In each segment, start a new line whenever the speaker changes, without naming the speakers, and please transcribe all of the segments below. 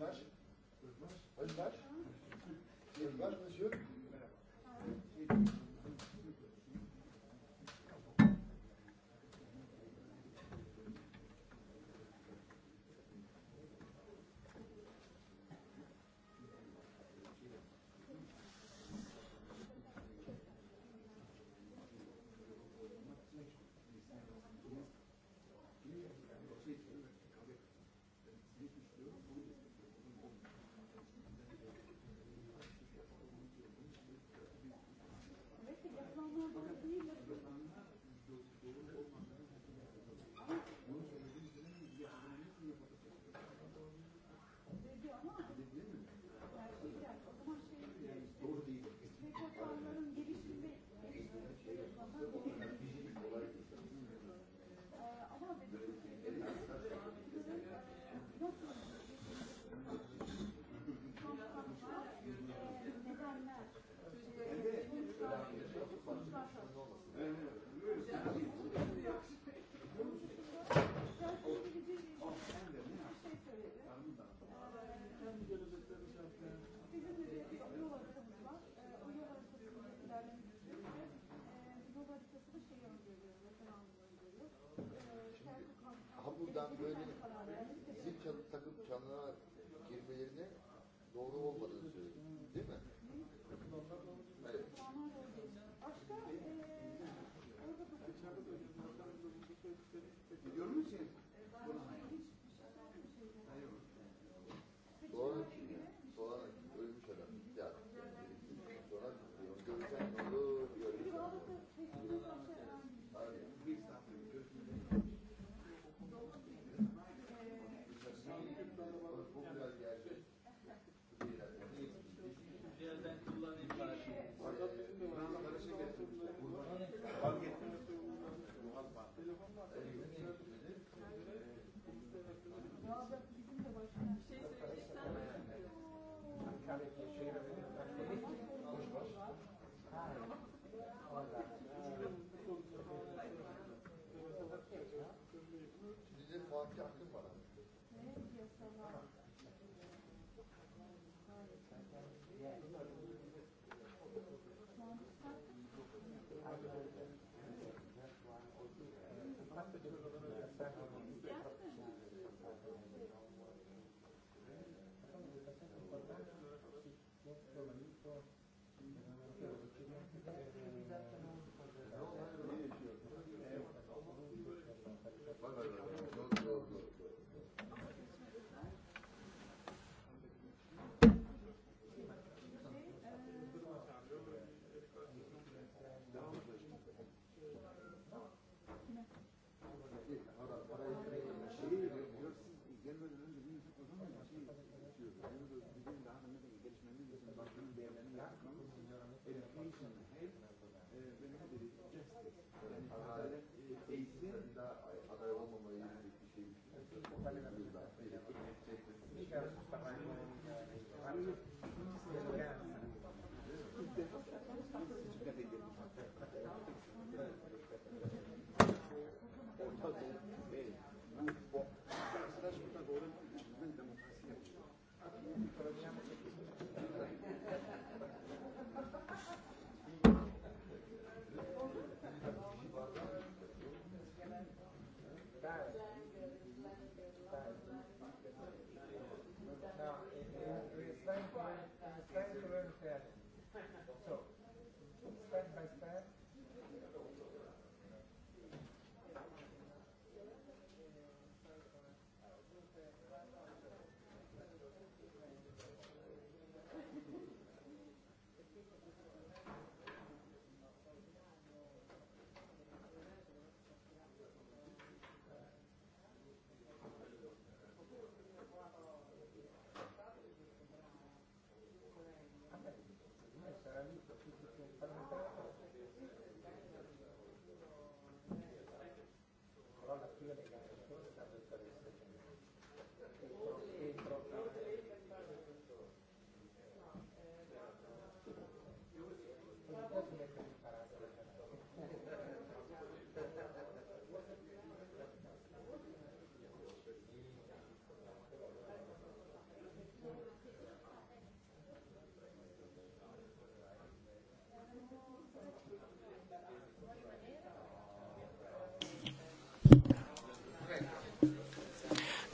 Hoje mais? ಹೋಗ್ಬಾರ್ದು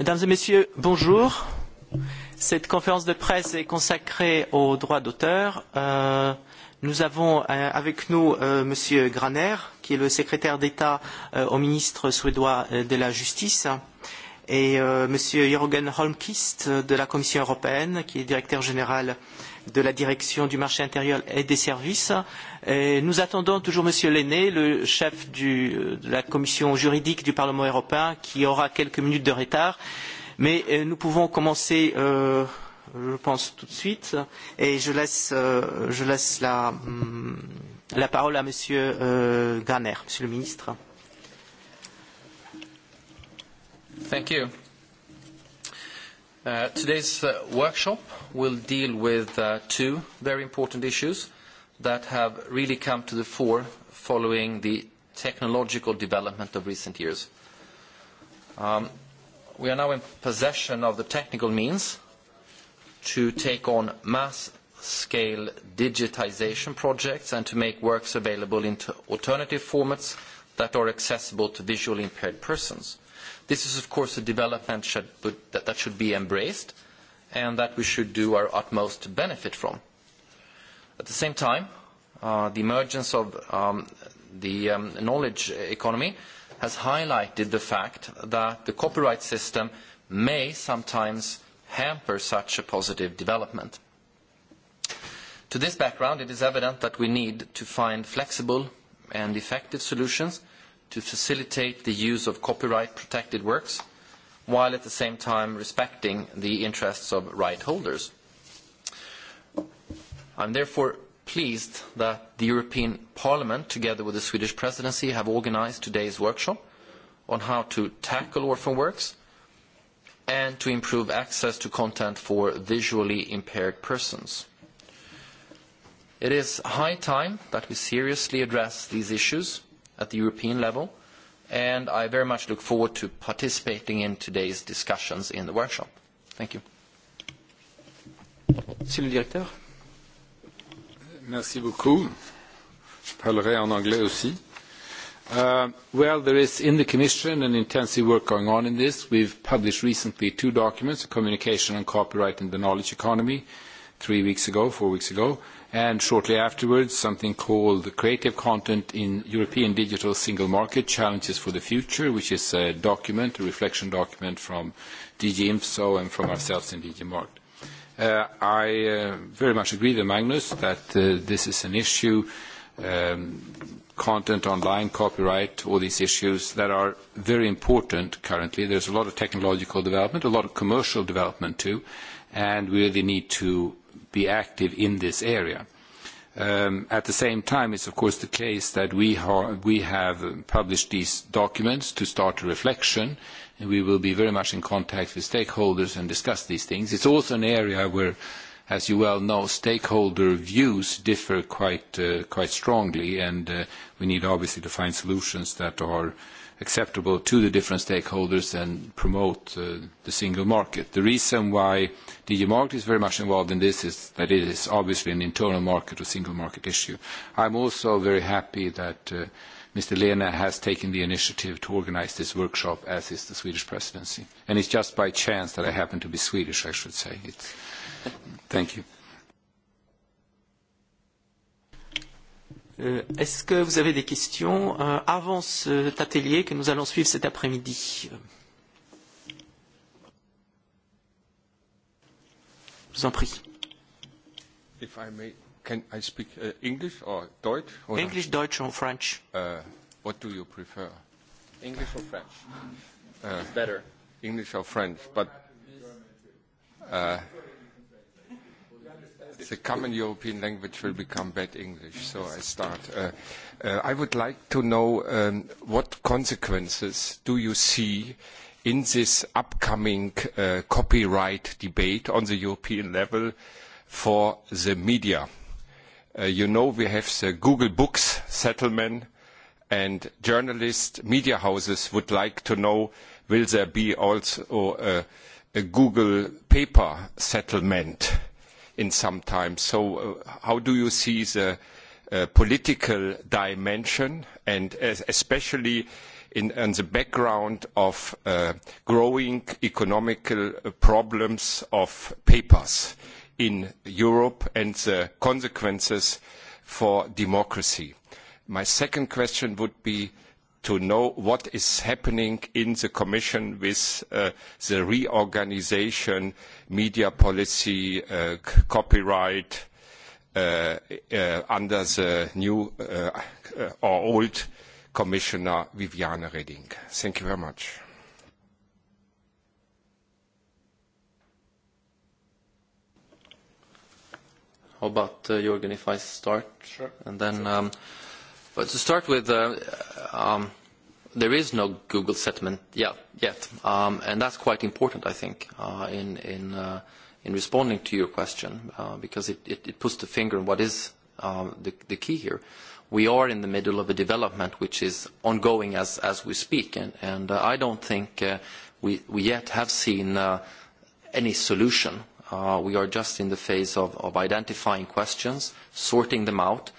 Mesdames et Messieurs, bonjour. Cette conférence de presse est consacrée aux droits d'auteur. nous avons avec nous Monsieur Graner, qui est le secrétaire d'État au ministre suédois de la Justice, et Monsieur Jürgen Holmquist de la Commission européenne, qui est directeur général euh, de la direction du marché intérieur et des services. Et nous attendons toujours Monsieur Lenné, le chef du, de la commission juridique du Parlement européen, qui aura quelques minutes de retard. Mais euh, nous pouvons commencer, euh, je pense, tout de suite. Et je laisse, euh, je laisse la, la parole à Monsieur euh, Garner, Monsieur le ministre.
Thank you. Today's workshop will deal with two very important issues that have really come to the fore following the technological development of recent years. We are now in possession of the technical means to take on mass-scale digitization projects and to make works available in alternative formats that are accessible to visually impaired persons. This is, of course, a development that should be embraced and that we should do our utmost to benefit from. At the same time, the emergence of the knowledge economy has highlighted the fact that the copyright system may sometimes hamper such a positive development. To this background, it is evident that we need to find flexible and effective solutions to facilitate the use of copyright-protected works, while at the same time respecting the interests of right holders. I am therefore pleased that the European Parliament, together with the Swedish presidency, have organised today's workshop on how to tackle orphan works and to improve access to content for visually impaired persons. It is high time that we seriously address these issues at the European level, and I very much look forward to participating in today's discussions in the workshop. Thank you.
Monsieur le directeur.
Merci beaucoup. Je parlerai
en anglais aussi. Well, there is in the Commission an intensive work going on in this. We've published recently two documents, a communication on copyright and the knowledge economy three weeks ago, four weeks ago, and shortly afterwards something called Creative Content in European Digital Single Market Challenges for the Future, which is a document, a reflection document from DG IMSO and from ourselves in DG Markt. I very much agree with Magnus that this is an issue, content online, copyright, all these issues that are very important currently. There's a lot of technological development, a lot of commercial development too, and we really need to be active in this area. At the same time, it's of course the case that we have published these documents to start a reflection, and we will be very much in contact with stakeholders and discuss these things. It's also an area where, as you well know, stakeholder views differ quite strongly, and we need obviously to find solutions that are acceptable to the different stakeholders and promote the single market. The reason why DG Market is very much involved in this is that it is obviously an internal market or single market issue. I'm also very happy that Mr. Lehne has taken the initiative to organise this workshop, as is the Swedish presidency. And It's just by chance that I happen to be Swedish, I should say. Thank you.
Est-ce que vous avez des questions avant cet atelier que nous allons suivre cet après-midi Je vous en prie.
If I may, can I speak uh, English or Deutsch? Or English, Deutsch or French? Uh, what do you prefer?
English or French? Uh, It's better.
English or French, but uh, the common European language will become bad English. So I start. Uh, uh, I would like to know um, what consequences do you see in this upcoming uh, copyright debate on the European level for the media? Uh, you know we have the Google Books settlement and journalists, media houses would like to know will there be also a, a Google paper settlement? in some time. So how do you see the political dimension, and especially on the background of growing economic problems of papers in Europe and the consequences for democracy? My second question would be to know what is happening in the Commission with the reorganisation, media policy, copyright, under the new or old Commissioner Viviane Reding. Thank you very much.
How about, if I start? Sure. And then, But to start with, uh, um, there is no Google settlement yet, yet um, and that's quite important, I think, uh, in in uh, in responding to your question, uh, because it, it, it puts the finger on what is um, the, the key here. We are in the middle of a development which is ongoing as as we speak, and and uh, I don't think uh, we we yet have seen uh, any solution. Uh, we are just in the phase of, of identifying questions, sorting them out,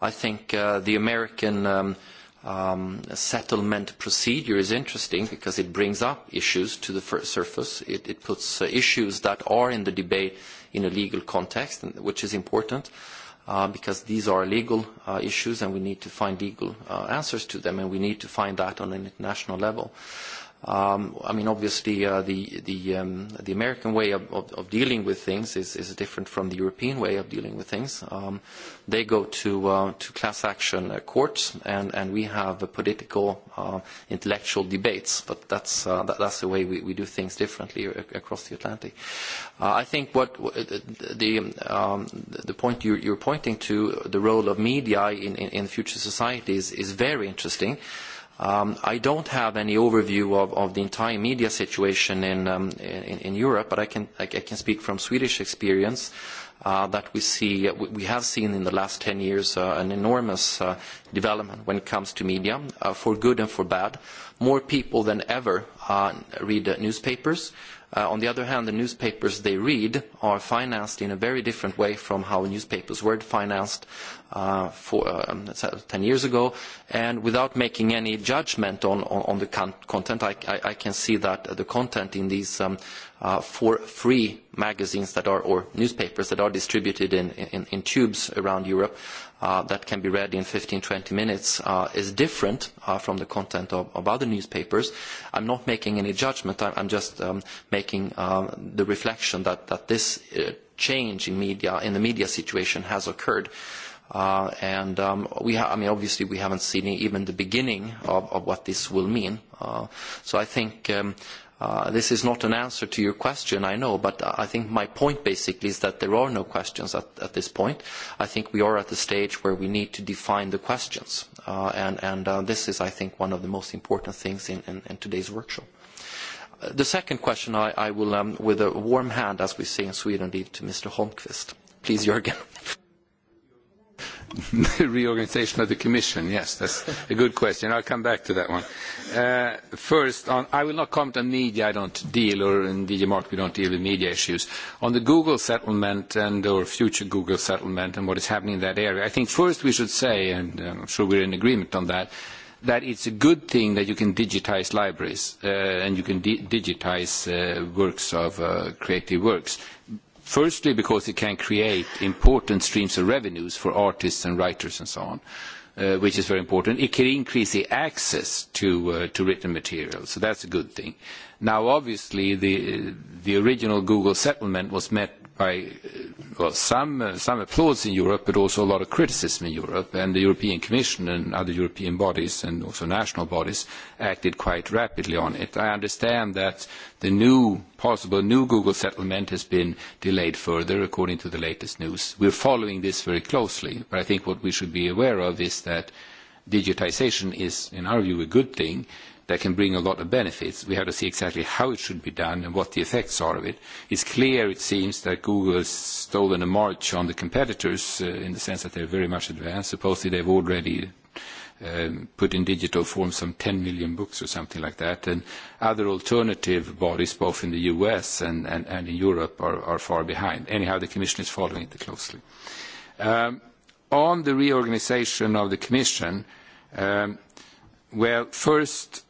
I think uh, the American um, um, settlement procedure is interesting because it brings up issues to the surface. It, it puts uh, issues that are in the debate in a legal context, and, which is important uh, because these are legal uh, issues and we need to find legal uh, answers to them and we need to find that on an international level. Um, I mean, obviously, uh, the the um, the American way of, of, of dealing with things is, is different from the European way of dealing with things. Um, they go to uh, to class action uh, courts, and, and we have uh, political, uh, intellectual debates. But that's uh, that, that's the way we, we do things differently across the Atlantic. Uh, I think what the um, the point you're, you're pointing to, the role of media in in, in future societies, is very interesting. Um, I don't have any overview of, of the entire media situation in, um, in, in Europe, but I can, I can speak from Swedish experience that we see, we have seen in the last 10 years uh, an enormous uh, development when it comes to media, for good and for bad. More people than ever uh, read newspapers on the other hand, the newspapers they read are financed in a very different way from how newspapers were financed ten years ago. And without making any judgment on, the content, I, I can see that the content in these for free magazines that are or newspapers that are distributed in, in, in tubes around Europe uh, that can be read in 15, 20 minutes uh, is different uh, from the content of, of other newspapers. I'm not making any judgment. I'm, I'm just um, making uh the reflection that, that this uh, change in media, in the media situation has occurred. Uh, and um, we ha- I mean, obviously, we haven't seen even the beginning of, of what this will mean. Uh, so I think um, this is not an answer to your question, I know, but I think my point basically is that there are no questions at, at this point. I think we are at the stage where we need to define the questions. Uh, and and uh, this is, I think, one of the most important things in, in, in today's workshop. The second question I, I will, um, with a warm hand, as we say in Sweden, leave to Mr. Holmqvist. Please, Jörgen reorganisation of the Commission,
yes, that's a good question. I'll come back to that one. first, on, I will not comment on media. I don't deal, or in DG Mark, we don't deal with media issues. On the Google settlement and or future Google settlement and what is happening in that area, I think first we should say, and I'm sure we're in agreement on that, that it's a good thing that you can digitize libraries and you can digitize works of creative works Firstly, because it can create important streams of revenues for artists and writers and so on, which is very important. It can increase the access to written material, so that's a good thing. Now, obviously, the original Google settlement was met I, well, some, some applause in Europe, but also a lot of criticism in Europe. And the European Commission and other European bodies and also national bodies acted quite rapidly on it. I understand that the new, possible new Google settlement has been delayed further, according to the latest news. We're following this very closely, but I think what we should be aware of is that digitization is, in our view, a good thing, that can bring a lot of benefits. We have to see exactly how it should be done and what the effects are of it. It's clear, it seems, that Google has stolen a march on the competitors in the sense that they're very much advanced. Supposedly they've already put in digital form some 10 million books or something like that. And other alternative bodies, both in the US and, and, and in Europe, are, are far behind. Anyhow, the Commission is following it closely. Um, on the reorganization of the Commission, um, well, first,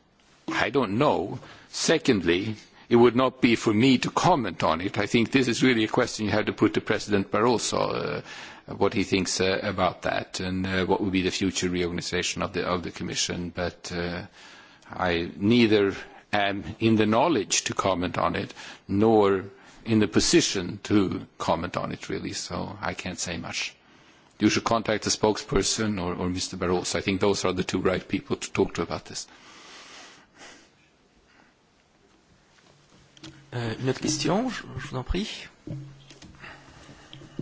I don't know. Secondly, it would not be for me to comment on it. I think this is really a question you have to put to President Barroso, what he thinks uh about that and uh what would be the future reorganisation of the, of the Commission. But uh I neither am in the knowledge to comment on it, nor in the position to comment on it, really, so I can't say much. You should contact the spokesperson or, or Mr. Barroso. I think those are the two right people to talk to about this.
Euh, une autre question, je, je vous en prie.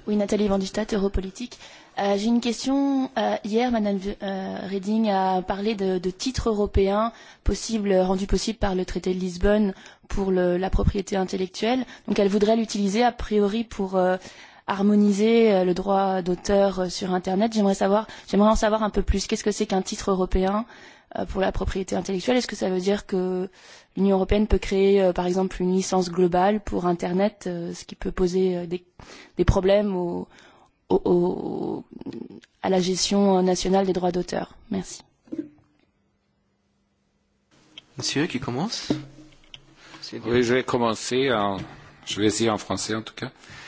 Oui, Nathalie Vandistat, Europolitique. Euh, J'ai une question. Euh, hier, Madame euh, Reding a parlé de, de titres européens possibles, rendus possibles par le traité de Lisbonne pour le, la propriété intellectuelle. Donc, elle voudrait l'utiliser a priori pour euh, harmoniser euh, le droit d'auteur euh, sur Internet. J'aimerais j'aimerais en savoir un peu plus. Qu'est-ce que c'est qu'un titre européen euh, pour la propriété intellectuelle Est-ce que ça veut dire que l'Union européenne peut créer, par exemple, une licence globale pour Internet, ce qui peut poser des, des problèmes au, au, au, à la gestion nationale des droits d'auteur
Merci. Monsieur, qui commence
Oui, je vais commencer. En, je vais essayer en français, en tout cas. Euh,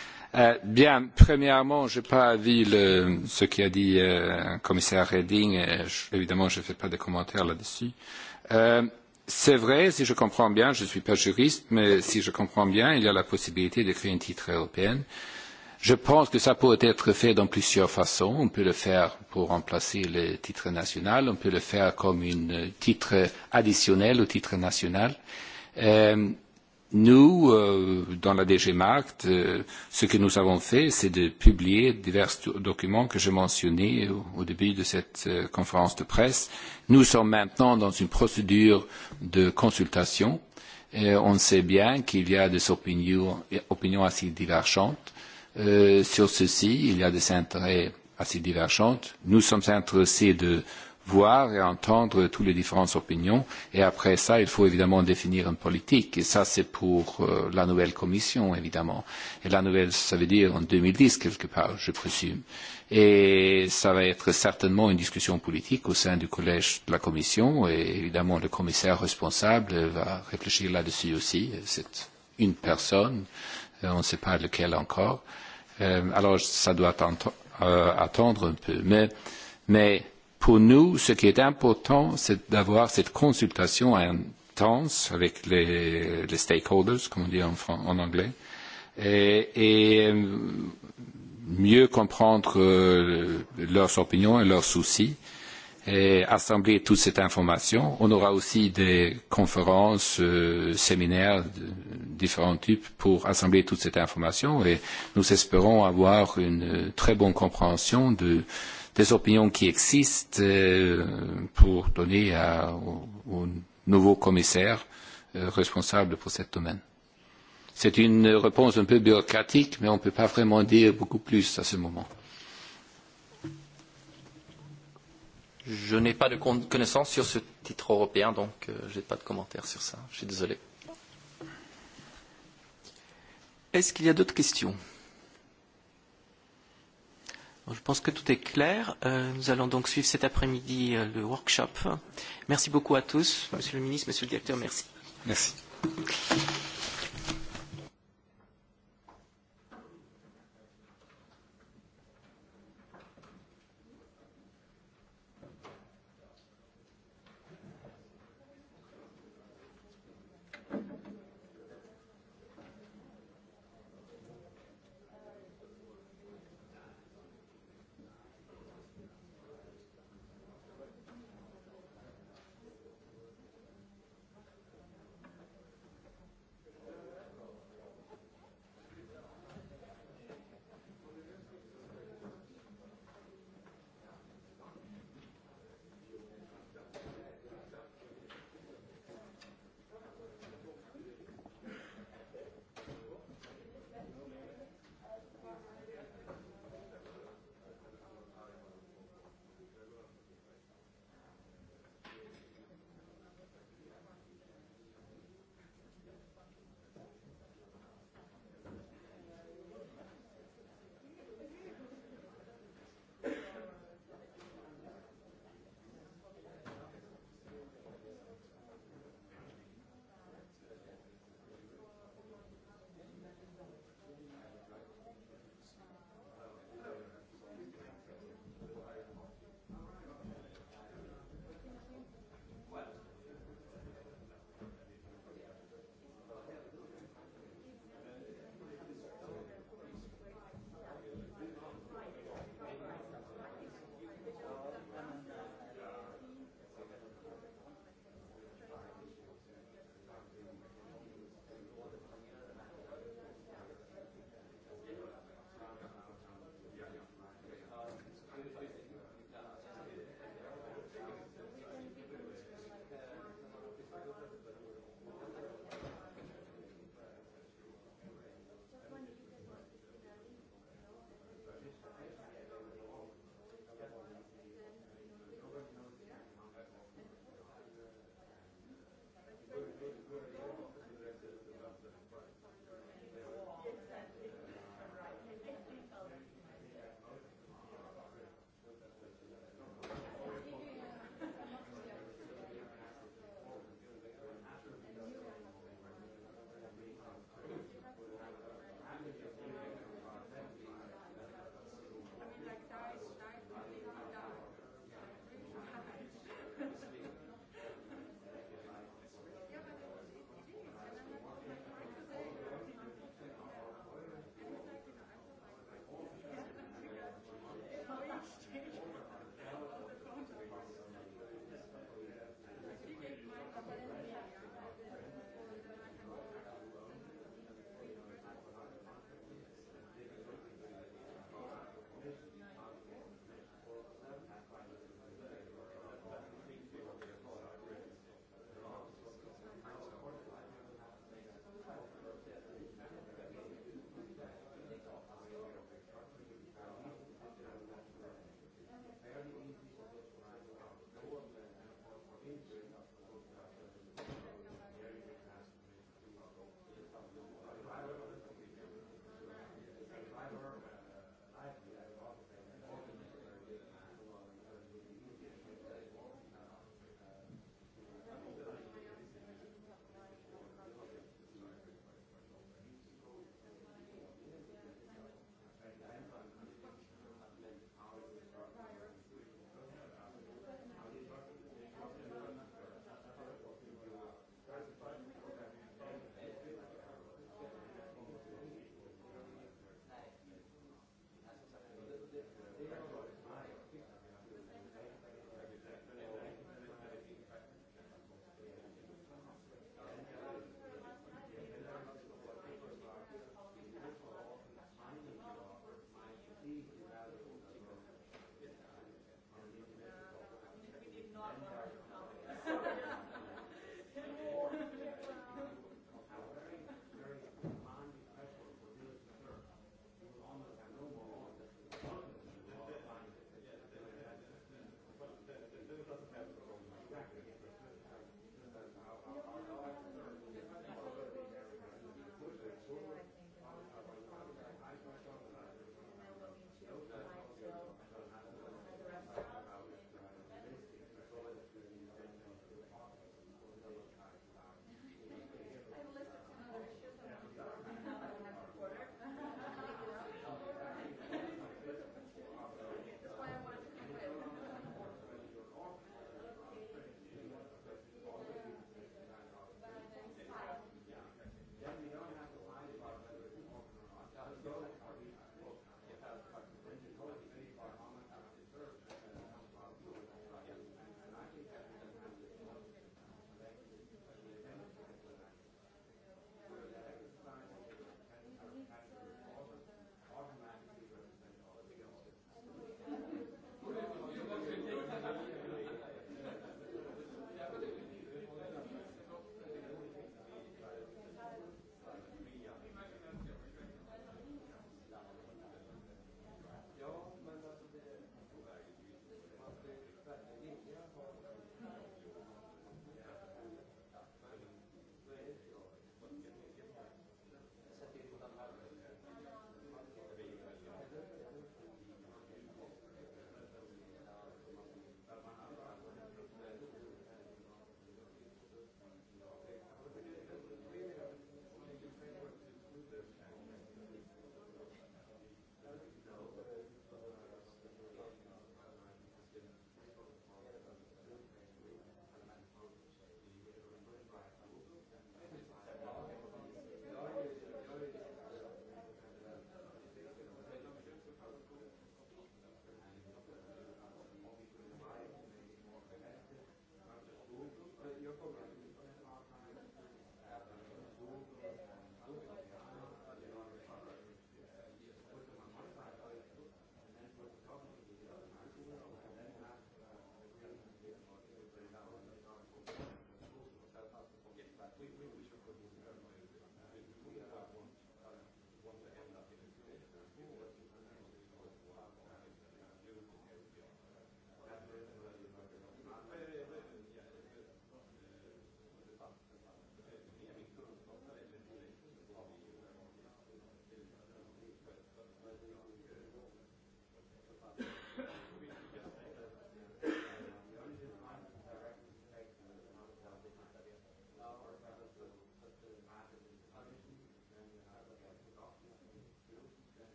Bien, premièrement, je n'ai pas avis le, ce qu'a dit le commissaire Reding. et évidemment, je ne fais pas de commentaires là-dessus. c'est vrai, si je comprends bien, je ne suis pas juriste, mais si je comprends bien, il y a la possibilité de créer un titre européen. Je pense que ça peut être fait dans plusieurs façons. On peut le faire pour remplacer le titre national, on peut le faire comme un titre additionnel au titre national. Euh, Nous, dans la DG Markt, ce que nous avons fait, c'est de publier divers documents que j'ai mentionnés au début de cette conférence de presse. Nous sommes maintenant dans une procédure de consultation. Et on sait bien qu'il y a des opinions, opinions assez divergentes. sur ceci, il y a des intérêts assez divergentes. Nous sommes intéressés de voir et entendre toutes les différentes opinions. Et après ça, il faut évidemment définir une politique. Et ça, c'est pour la nouvelle commission, évidemment. Et la nouvelle, ça veut dire en deux mille dix quelque part, je présume. Et ça va être certainement une discussion politique au sein du collège de la commission. Et évidemment, le commissaire responsable va réfléchir là-dessus aussi. C'est une personne. On ne sait pas lequel encore. alors, ça doit attendre un peu. Mais, mais Pour nous, ce qui est important, c'est d'avoir cette consultation intense avec les, les stakeholders, comme on dit en, en anglais, et, et mieux comprendre leurs opinions et leurs soucis et assembler toute cette information. On aura aussi des conférences, euh, séminaires de différents types pour assembler toute cette information et nous espérons avoir une très bonne compréhension de, euh, des opinions qui existent pour donner à, au, au nouveau commissaire responsable pour ce domaine. C'est une réponse un peu bureaucratique, mais on ne peut pas vraiment dire beaucoup plus à ce moment.
Je n'ai pas de connaissance sur ce titre européen, donc euh, je n'ai pas de commentaire sur ça. Je suis désolé. Est-ce qu'il y a d'autres questions
Je pense que tout est clair. Nous allons donc suivre cet après-midi le workshop. Merci beaucoup à tous. Monsieur le ministre, monsieur le directeur, merci.
Merci.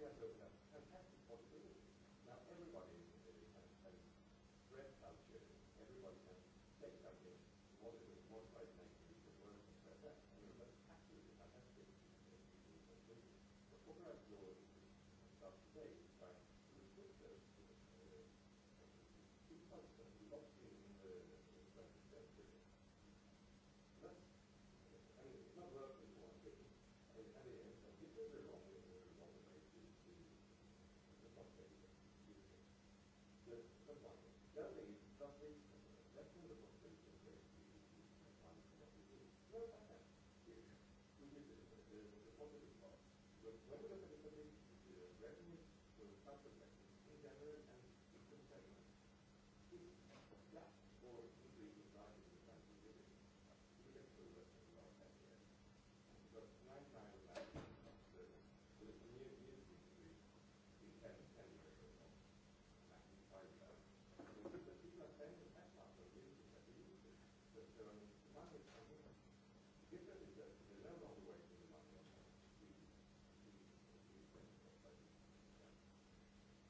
we have to have Now, everybody the, the, the, the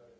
Right.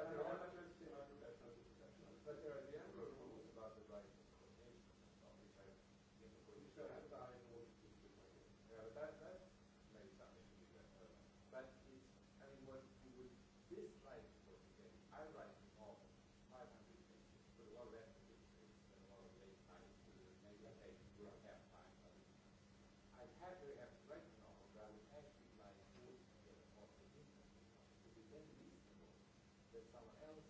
Кстати, someone else